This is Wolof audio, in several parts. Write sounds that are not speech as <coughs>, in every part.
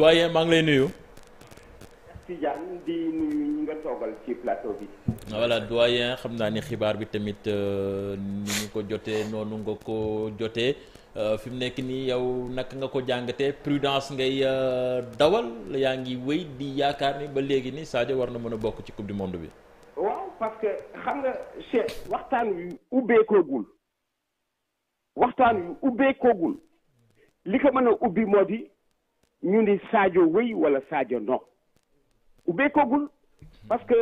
doyen maa ngi lay nuyu. Tidiane nga toogal ci plateau bi. Ah, voilà doyen xam naa ni xibaar bi tamit euh, ni ñu ko jotee noonu nga ko jotee euh, fi mu nekk nii yow naka nga ko jàngatee prudence ngay euh, dawal yaa ngi wéy di yaakaar ni ba léegi ni Sadio war na mën a bokk ci coupe du monde bi. waaw parce que xam nga chef waxtaan wi ubbeekoogul waxtaan wi ubbeekoogul li ko mën ubbi moo ñu ni Sadio wëy wala Sadio non ubbeekogul parce que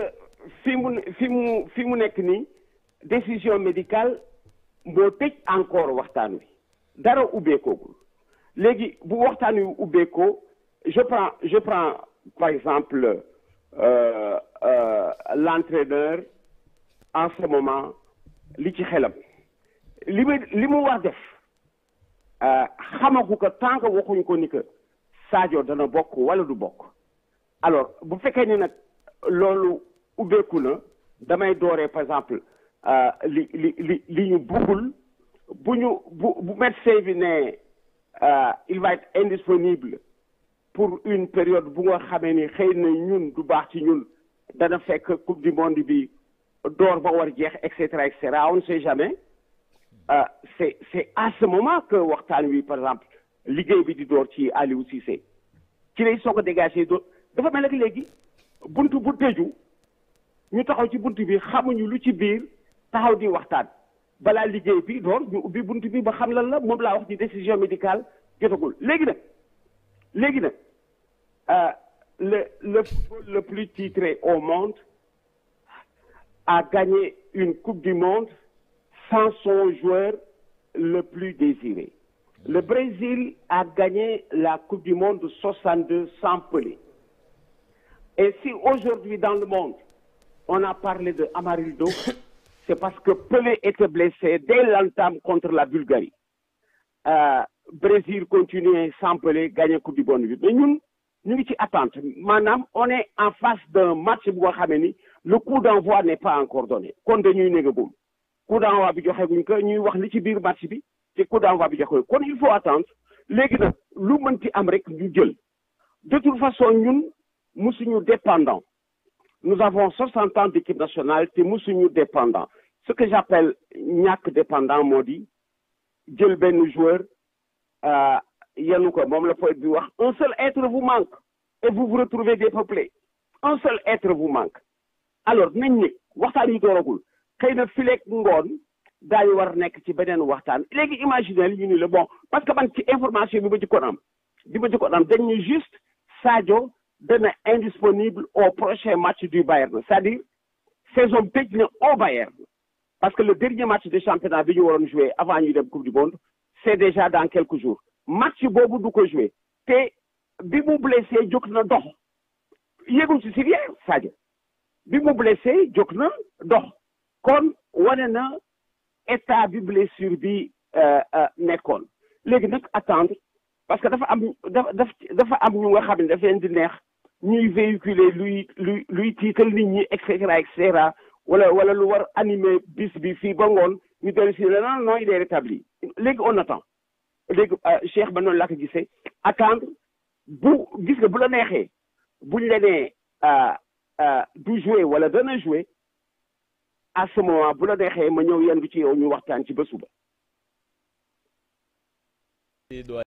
fi mu fi mu fi mu nekk nii décision médicale moo tëj encore waxtaan wi dara ubbeekogul léegi bu waxtaan wi ubbeekoo je prends je prends par exemple euh, euh, l'entraîneur en ce moment li ci xelam li mu li mu wax def euh, xamagu ko tant que waxuñ ko ni Sadio dana bokk wala du bokk alors bu fekkee ni nag loolu ubbeeku na damay dooree par exemple euh, li li li ñu buggul bu ñu bu bu médecin bi ne euh, il va être indisponible pour une période bu nga xamee ni xëy na ñun du baax ci ñun dana fekk coupe du monde bi door ba war jeex et cetera et cetera on ne sait jamais euh, c'est c'est à ce moment que waxtaan wi par exemple liggéey bi di door ci Aliou Cissé ci lay soog a dégagé do dafa mel ne léegi bunt bu tëju ñu taxaw ci bunt bi xamuñu lu ci biir taxaw di waxtaan balaa liggéey bi door ñu ubbi bunt bi ba xam lan la moom laa wax ci décision médicale jotagul léegi na léegi na euh, le le football le plus titré au monde a gagné une coupe du monde sans son joueur le plus désiré Le Brésil a gagné la Coupe du Monde 62 sans Pelé. Et si aujourd'hui dans le monde, on a parlé de Amarildo, <coughs> c'est parce que Pelé était blessé dès l'entame contre la Bulgarie. Euh, Brésil continuait sans Pelé, gagner Coupe du Monde. Mais nous, nous sommes attente. Madame, on est en face d'un match, le coup d'envoi n'est pas encore donné. Compte tenu du coup d'envoi, nous avons dit wax nous ci dit que nous ci coup d'envoi bi jaxoo kon il faut attendre léegi nag lu mënti am rek ñu jël de toute façon ñun musuñu dépendant nous avons 60 ans d'équipe nationale te musuñu dépendant ce que j'appelle ñàkk dépendant moo di jël benn joueur euh, yenu ko moom la poète bi wax un seul être vous manque et vous vous retrouvez dépeuplé un seul être vous manque alors nañ ne waxtaan yi dooragul xëy na fileeg ngoon daañu war nekk ci beneen waxtaan léegi imaginer li ñu ni la bon parce que man ci information bi ma jëkkoon am bi ma jëkkoon am dañ ñu juste Sadio dana indisponible au prochain match du Bayern c'est-à-dire saison bi tëj na au Bayern parce que le dernier match de championnat bi ñu waroon jouer avant ñuy dem coupe du monde c'est déjà dans quelques jours match boobu du ko jouer te bi mu blessé jóg na dox yëgul ci si rien Sadio bi mu blessé jóg na dox kon wane na état bi blessure bi euh, euh, nekkoon léegi nag attendre parce que dafa am dafa dafa am ñu nga xam ne dafa leen di neex ñuy véhiculer luy luy luy tiital nit ñi et cetera et cetera wala wala lu war animer bis bi fii ba ngoon ñu dellu si ne non non il est rétabli léegi on attend léegi euh, Cheikh ba noonu laa ko gisee attendre bu gis nga bu la neexee buñ la nee du jouer wala dana jouer à ce moment bu la neexee ma ñëw yendu ci yow ñu waxtaan ci ba suba